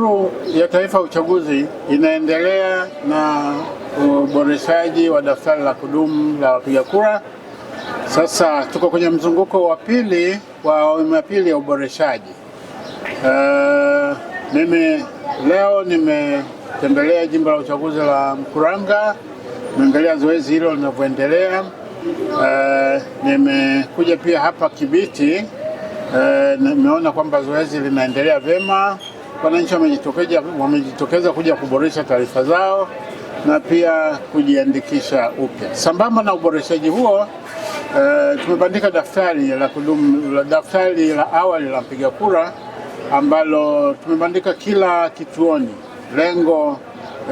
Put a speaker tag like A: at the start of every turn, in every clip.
A: Tume ya Taifa ya Uchaguzi inaendelea na uboreshaji wa daftari la kudumu la wapiga kura. Sasa tuko kwenye mzunguko wa pili wa awamu ya pili ya uboreshaji. Uh, mimi leo nimetembelea jimbo la uchaguzi la Mkuranga, nimeangalia zoezi hilo linavyoendelea. Uh, nimekuja pia hapa Kibiti, uh, nimeona kwamba zoezi linaendelea vyema wananchi wamejitokeza kuja kuboresha taarifa zao na pia kujiandikisha upya. Sambamba na uboreshaji huo, uh, tumebandika daftari la kudumu la daftari la awali la mpiga kura ambalo tumebandika kila kituoni. Lengo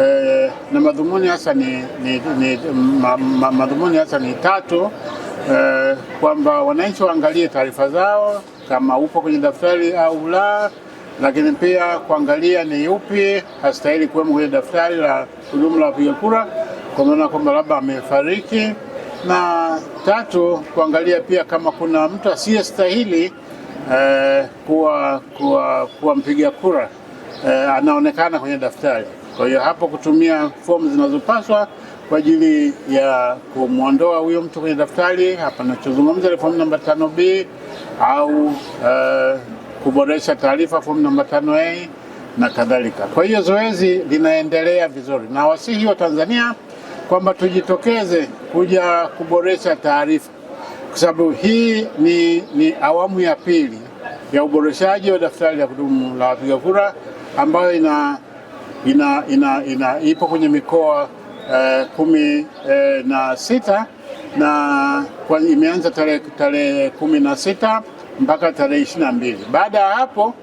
A: eh, na madhumuni hasa ni, ni, ni, ma, ma, madhumuni hasa ni tatu eh, kwamba wananchi waangalie taarifa zao kama upo kwenye daftari au la lakini pia kuangalia ni yupi hastahili kuwemo kwenye daftari la kudumu la wapiga kura kwa maana kwamba labda amefariki, na tatu kuangalia pia kama kuna mtu asiyestahili eh, kuwa, kuwa, kuwa mpiga kura eh, anaonekana kwenye daftari. Kwa hiyo hapo kutumia fomu zinazopaswa kwa ajili ya kumwondoa huyo mtu kwenye daftari hapa nachozungumza, fomu namba 5B au eh, kuboresha taarifa fomu namba 5A na kadhalika. Kwa hiyo zoezi linaendelea vizuri, na wasihi wa Tanzania kwamba tujitokeze kuja kuboresha taarifa, kwa sababu hii ni, ni awamu ya pili ya uboreshaji wa daftari la kudumu la wapiga kura ambayo ina, ina, ina, ina ipo kwenye mikoa eh, kumi eh, na sita na kwa, imeanza tarehe tarehe kumi na sita mpaka tarehe ishirini na mbili. Baada ya hapo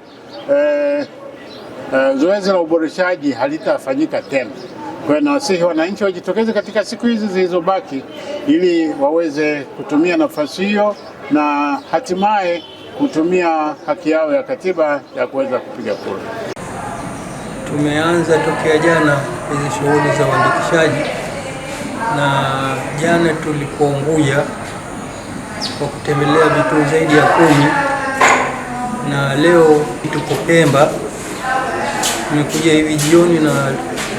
A: eh, eh, zoezi la uboreshaji halitafanyika tena. Kwa hiyo nawasihi wananchi wajitokeze katika siku hizi zilizobaki ili waweze kutumia nafasi hiyo na hatimaye kutumia haki yao ya katiba ya kuweza kupiga kura.
B: Tumeanza tokea jana hizi shughuli za uandikishaji na jana tulipounguja kwa kutembelea vituo zaidi ya kumi na leo tuko Pemba. Nimekuja hivi jioni na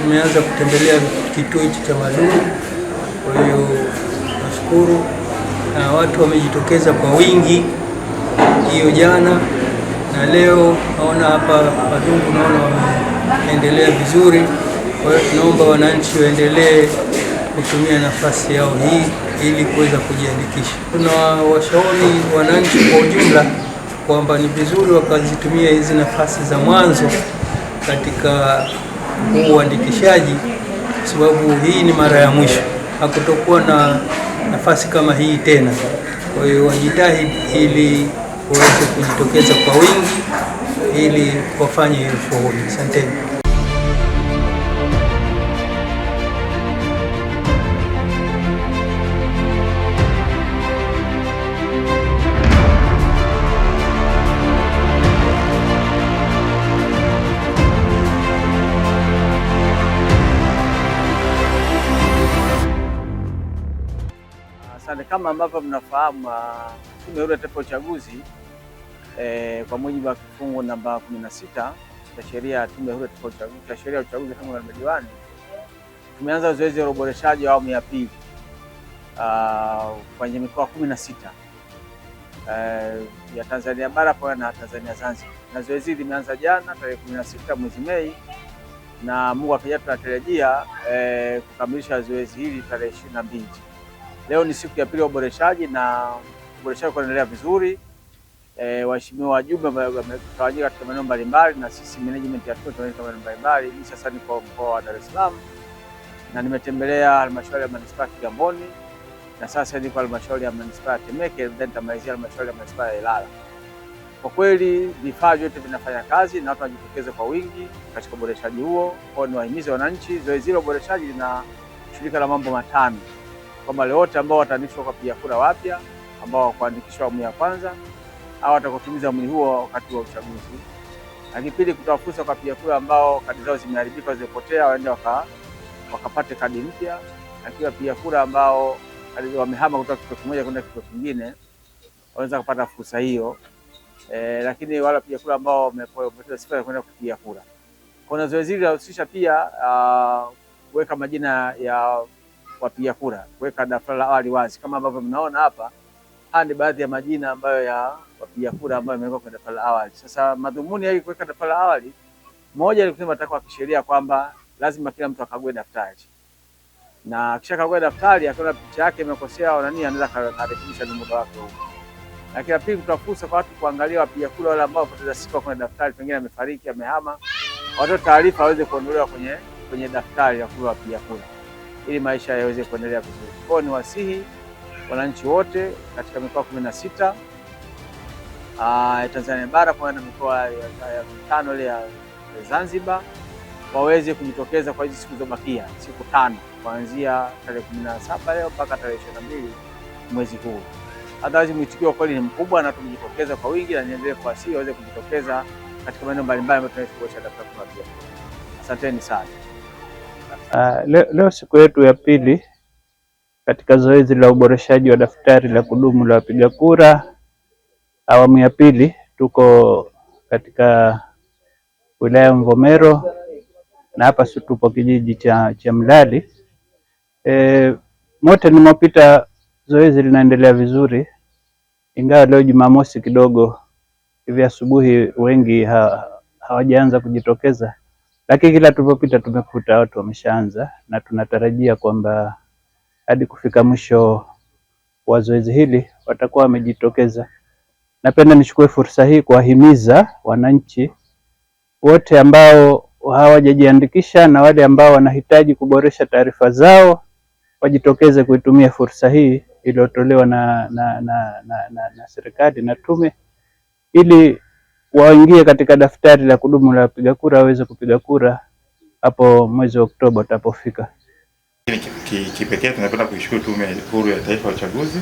B: nimeanza kutembelea kituo hichi cha Madumu. Kwa hiyo nashukuru, na watu wamejitokeza kwa wingi hiyo jana na leo. Naona hapa Madumu, naona wameendelea vizuri. Kwa hiyo tunaomba wananchi waendelee kutumia nafasi yao hii ili kuweza kujiandikisha. washauri wananchi kwa ujumla kwamba ni vizuri wakazitumia hizi nafasi za mwanzo katika huu uandikishaji, kwa sababu hii ni mara ya mwisho, hakutokuwa na nafasi kama hii tena. Kwa hiyo wajitahidi ili waweze kujitokeza kwa wingi ili wafanye hiyo shughuli. Asanteni.
C: Kama ambavyo mnafahamu uh, Tume Huru ya Taifa ya Uchaguzi eh, kwa mujibu wa kifungu namba 16 cha sheria ya Tume Huru ya Taifa ya Uchaguzi cha sheria ya uchaguzi na madiwani, tumeanza zoezi la uboreshaji wa awamu ya pili uh, kwenye mikoa na sita eh, ya Tanzania bara pamoja na Tanzania Zanzibar, na zoezi hili limeanza jana tarehe sita mwezi Mei na Mungu akija tunatarajia eh, kukamilisha zoezi hili tarehe mbili Leo ni siku ya pili ya uboreshaji na uboreshaji kuendelea vizuri. E, waheshimiwa wajumbe wametawanyika katika maeneo mbalimbali na sisi management ya tume tunaweka maeneo mbalimbali. Hii sasa niko mkoa wa Dar es Salaam na nimetembelea halmashauri ya manispaa ya Kigamboni na sasa niko halmashauri ya manispaa ya Temeke, then tamalizia halmashauri ya manispaa ya Ilala. Kwa kweli vifaa vyote vinafanya kazi na watu wanajitokeza kwa wingi katika uboreshaji huo. Kwao ni wahimizi wananchi, zoezi la uboreshaji lina shirika la mambo matano kwamba wale wote ambao wataandikishwa kwa wapiga kura wapya ambao wakuandikishwa awamu ya kwanza au watakutimiza umri huo wakati wa uchaguzi, lakini pili, kutoa fursa kwa wapiga kura ambao kadi zao zimeharibika, zimepotea, waende waka, wakapate kadi mpya, lakini wapiga kura ambao wamehama kutoka kituo kimoja kwenda kituo kingine waweza kupata fursa hiyo. E, lakini wale wapiga kura ambao wamepoteza sifa ya kwenda kupiga kura, kuna zoezi hili linahusisha pia uh, kuweka majina ya wapiga kura, kuweka daftari la awali wazi. Kama ambavyo mnaona hapa, haya ni baadhi ya majina ambayo ya wapiga kura ambayo yamewekwa kwenye daftari la awali. Sasa madhumuni ya kuweka daftari la awali, moja ni kusema matakwa ya kisheria kwamba lazima kila mtu akague daftari na kisha akishakagua daftari akiona picha yake imekosea au nani, anaweza kurekebisha ni muda wake huo. Lakini la pili, kutoa fursa kwa watu kuangalia wapiga kura wale ambao wamepoteza sifa kwenye daftari, pengine amefariki, amehama, watoe taarifa waweze kuondolewa kwenye kwenye daftari ya kuwa wapiga kura ili maisha yaweze kuendelea vizuri. Kwao ni wasihi wananchi wote katika mikoa kumi na sita ah, ya Tanzania bara pamoja na mikoa ya mitano ile ya Zanzibar waweze kujitokeza kwa hizi siku zilizobakia, siku tano kuanzia tarehe kumi na saba leo mpaka tarehe ishirini na mbili mwezi huu. Hata mwitikio kweli ni mkubwa na tumejitokeza kwa wingi, na niendelee kuwasihi waweze kujitokeza katika maeneo mbalimbali ambayo tunaishi kwa Asanteni sana.
D: Uh, leo, leo siku yetu ya pili katika zoezi la uboreshaji wa daftari la kudumu la wapiga kura awamu ya pili, tuko katika wilaya Mvomero na hapa tupo kijiji cha, cha Mlali. E, mote nimopita zoezi linaendelea vizuri, ingawa leo Jumamosi kidogo hivi asubuhi wengi ha, hawajaanza kujitokeza lakini kila tulipopita tumekuta watu wameshaanza, na tunatarajia kwamba hadi kufika mwisho wa zoezi hili watakuwa wamejitokeza. Napenda nichukue fursa hii kuwahimiza wananchi wote ambao hawajajiandikisha na wale ambao wanahitaji kuboresha taarifa zao wajitokeze kuitumia fursa hii iliyotolewa na, na, na, na, na, na serikali na tume ili waingie katika daftari la kudumu la wapiga kura waweze kupiga kura hapo mwezi wa Oktoba utapofika.
E: Kipekee tunapenda kuishukuru Tume Huru ya Taifa ya Uchaguzi,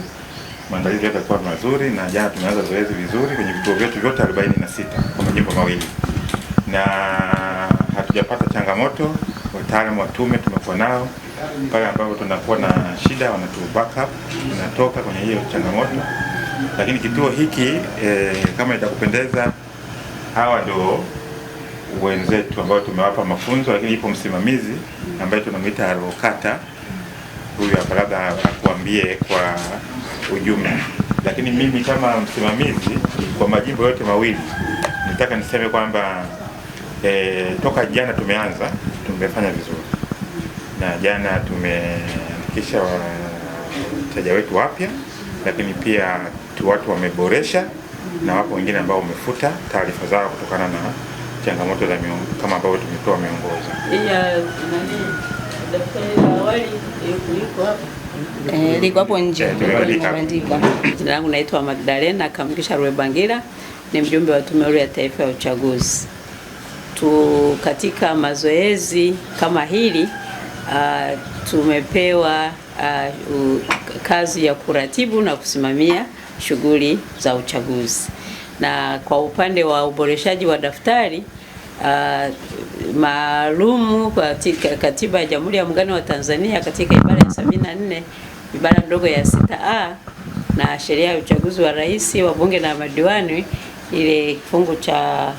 E: maandalizi yake yalikuwa mazuri na jana tumeanza zoezi vizuri kwenye vituo vyetu vyote 46 kwa majimbo mawili na hatujapata changamoto. Wataalamu wa tume tumekuwa nao pale ambapo tunakuwa na shida, wanatu backup tunatoka kwenye hiyo changamoto, lakini kituo hiki eh, kama itakupendeza hawa ndio wenzetu ambao tumewapa mafunzo, lakini ipo msimamizi ambaye tunamwita alokata, huyu hapa labda akuambie kwa ujumla. Lakini mimi kama msimamizi kwa majimbo yote mawili nataka niseme kwamba e, toka jana tumeanza, tumefanya vizuri na jana tumeandikisha wateja wetu wapya, lakini pia watu wameboresha na wapo wengine ambao wamefuta taarifa zao kutokana na changamoto za miongo, kama ambavyo tumetoa miongozo
F: Eh, liko hapo nje eh, bandika. Jina langu naitwa Magdalena Kamkisha Rwebangira, ni mjumbe wa Tume Huru ya Taifa ya Uchaguzi. Tu katika mazoezi kama hili uh, tumepewa uh, kazi ya kuratibu na kusimamia shughuli za uchaguzi. Na kwa upande wa uboreshaji wa daftari uh, maalumu katika katiba ya Jamhuri ya Muungano wa Tanzania katika ibara ya 74 ibara ndogo ya 6A na sheria ya uchaguzi wa rais, wa bunge na madiwani, ile kifungu cha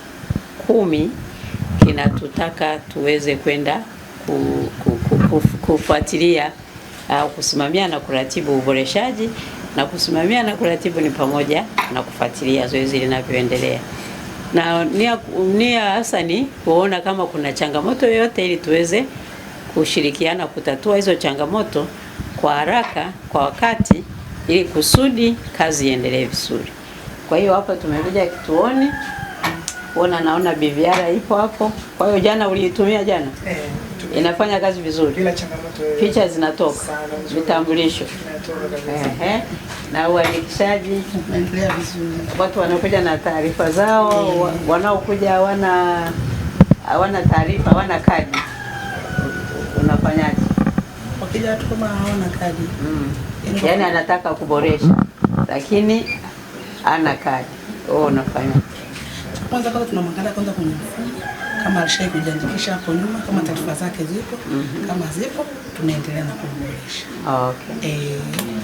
F: kumi kinatutaka tuweze kwenda kufuatilia au kusimamia na kuratibu uboreshaji na kusimamia na kuratibu ni pamoja na kufuatilia zoezi linavyoendelea, na nia nia hasa ni kuona kama kuna changamoto yoyote, ili tuweze kushirikiana kutatua hizo changamoto kwa haraka, kwa wakati, ili kusudi kazi iendelee vizuri. Kwa hiyo hapa tumekuja kituoni kuona, naona BVR ipo hapo. Kwa hiyo jana uliitumia jana, eh inafanya kazi vizuri, picha zinatoka, vitambulisho na uandikishaji unaendelea vizuri. Watu wanakuja na taarifa zao, wanaokuja hawana hawana taarifa, hawana kadi, unafanyaje?
G: Wakija watu kama hawana kadi mm.
F: Yani anataka kuboresha lakini ana kadi, wewe unafanya
G: kwanza, kama tunamwangalia kwanza kwenye mfumo kama alishai kujiandikisha hapo nyuma, kama taarifa zake zipo mm -hmm. kama zipo tunaendelea na kumboresha. Okay. Eh,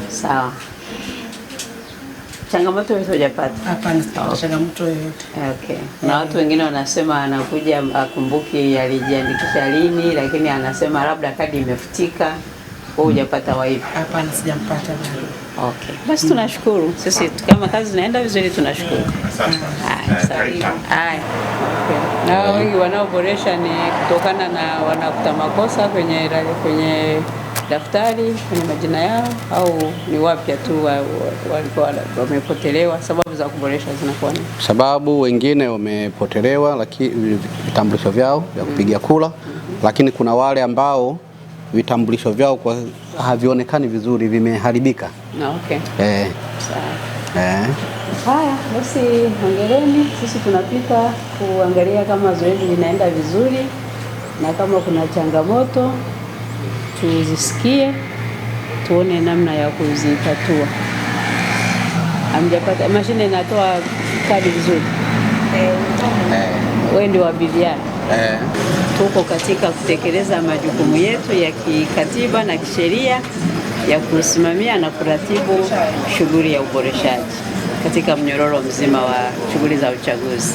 G: sawa.
F: Changamoto yote hujapata?
G: Hapana, sipata changamoto yoyote.
F: Okay. Na watu wengine wanasema anakuja akumbuki alijiandikisha lini, lakini anasema labda kadi imefutika. Wewe hujapata waipi?
G: Hapana, sijampata bado.
F: Okay. Basi tunashukuru. Sisi kama kazi zinaenda vizuri tunashukuru. Asante. Haya na wengi wanaoboresha ni kutokana na wanakuta makosa kwenye, kwenye daftari kwenye majina yao au ni wapya tu walikuwa wamepotelewa. Sababu za kuboresha zinakuwa ni
H: sababu wengine wamepotelewa lakini vitambulisho vyao vya kupiga kura mm -hmm. Lakini kuna wale ambao vitambulisho vyao kwa havionekani vizuri vimeharibika. Okay. Eh.
F: Eh. Haya basi, ongeleni, sisi tunapita kuangalia kama zoezi linaenda vizuri, na kama kuna changamoto tuzisikie, tuone namna ya kuzitatua. Amjapata mashine inatoa kadi vizuri eh, wendi wa bibiana eh. Tuko katika kutekeleza majukumu yetu ya kikatiba na kisheria ya kusimamia na kuratibu shughuli ya uboreshaji katika mnyororo mzima wa shughuli za uchaguzi.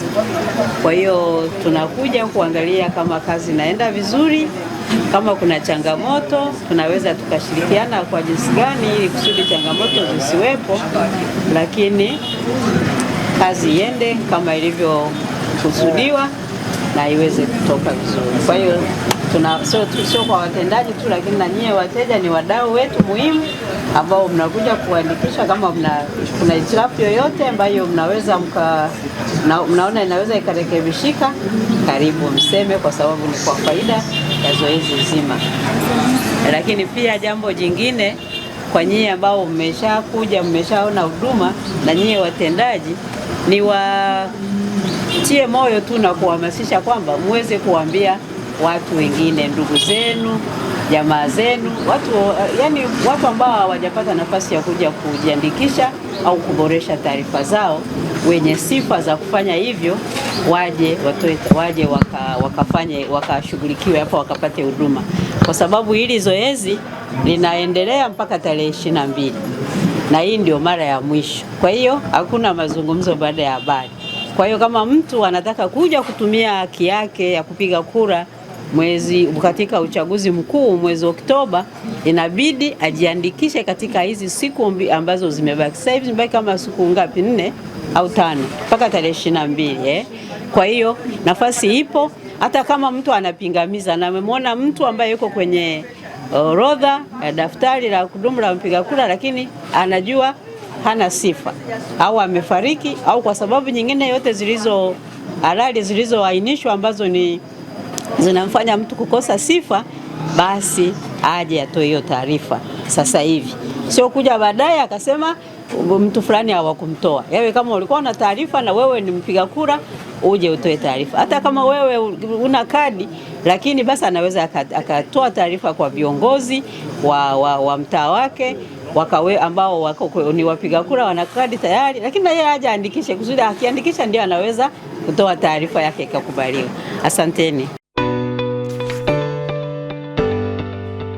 F: Kwa hiyo tunakuja kuangalia kama kazi inaenda vizuri, kama kuna changamoto tunaweza tukashirikiana kwa jinsi gani ili kusudi changamoto zisiwepo, lakini kazi iende kama ilivyokusudiwa na iweze kutoka vizuri. Kwa hiyo tuna sio so kwa watendaji tu, lakini na nyie wateja ni wadau wetu muhimu ambao mnakuja kuandikisha kama mna, kuna hitilafu yoyote ambayo mnaweza mka, mna, mnaona inaweza ikarekebishika, karibu mseme, kwa sababu ni kwa faida ya zoezi zima. Lakini pia jambo jingine kwa nyie ambao mmeshakuja mmeshaona huduma na nyie watendaji, ni watie moyo tu na kuhamasisha kwamba muweze kuambia watu wengine, ndugu zenu jamaa zenu, watu eh, yani, watu ambao hawajapata nafasi ya kuja kujiandikisha au kuboresha taarifa zao, wenye sifa za kufanya hivyo waje watoe, waje waka, wakafanye wakashughulikiwe hapo wakapate huduma, kwa sababu hili zoezi linaendelea mpaka tarehe ishirini na mbili na hii ndio mara ya mwisho. Kwa hiyo hakuna mazungumzo baada ya habari. Kwa hiyo kama mtu anataka kuja kutumia haki yake ya kupiga kura mwezi katika uchaguzi mkuu mwezi Oktoba, inabidi ajiandikishe katika hizi siku ambazo zimebaki. Sasa hivi zimebaki kama siku ngapi, nne au tano, mpaka tarehe ishirini na mbili eh. Kwa hiyo nafasi ipo, hata kama mtu anapingamiza na amemwona mtu ambaye yuko kwenye orodha ya daftari la kudumu la mpiga kura, lakini anajua hana sifa au amefariki au kwa sababu nyingine yote zilizo halali zilizoainishwa ambazo ni zinamfanya mtu kukosa sifa, basi aje atoe hiyo taarifa sasa hivi, sio kuja baadaye akasema mtu fulani hawakumtoa. Yawe kama ulikuwa na taarifa na wewe ni mpiga kura, uje utoe taarifa, hata kama wewe una kadi, lakini basi anaweza akatoa taarifa kwa viongozi wa, wa, wa mtaa wake wakawe ambao wako ni wapiga kura wana kadi tayari, lakini na yeye aje aandikishe, kusudi akiandikisha ndio anaweza kutoa taarifa yake ikakubaliwa. Asanteni.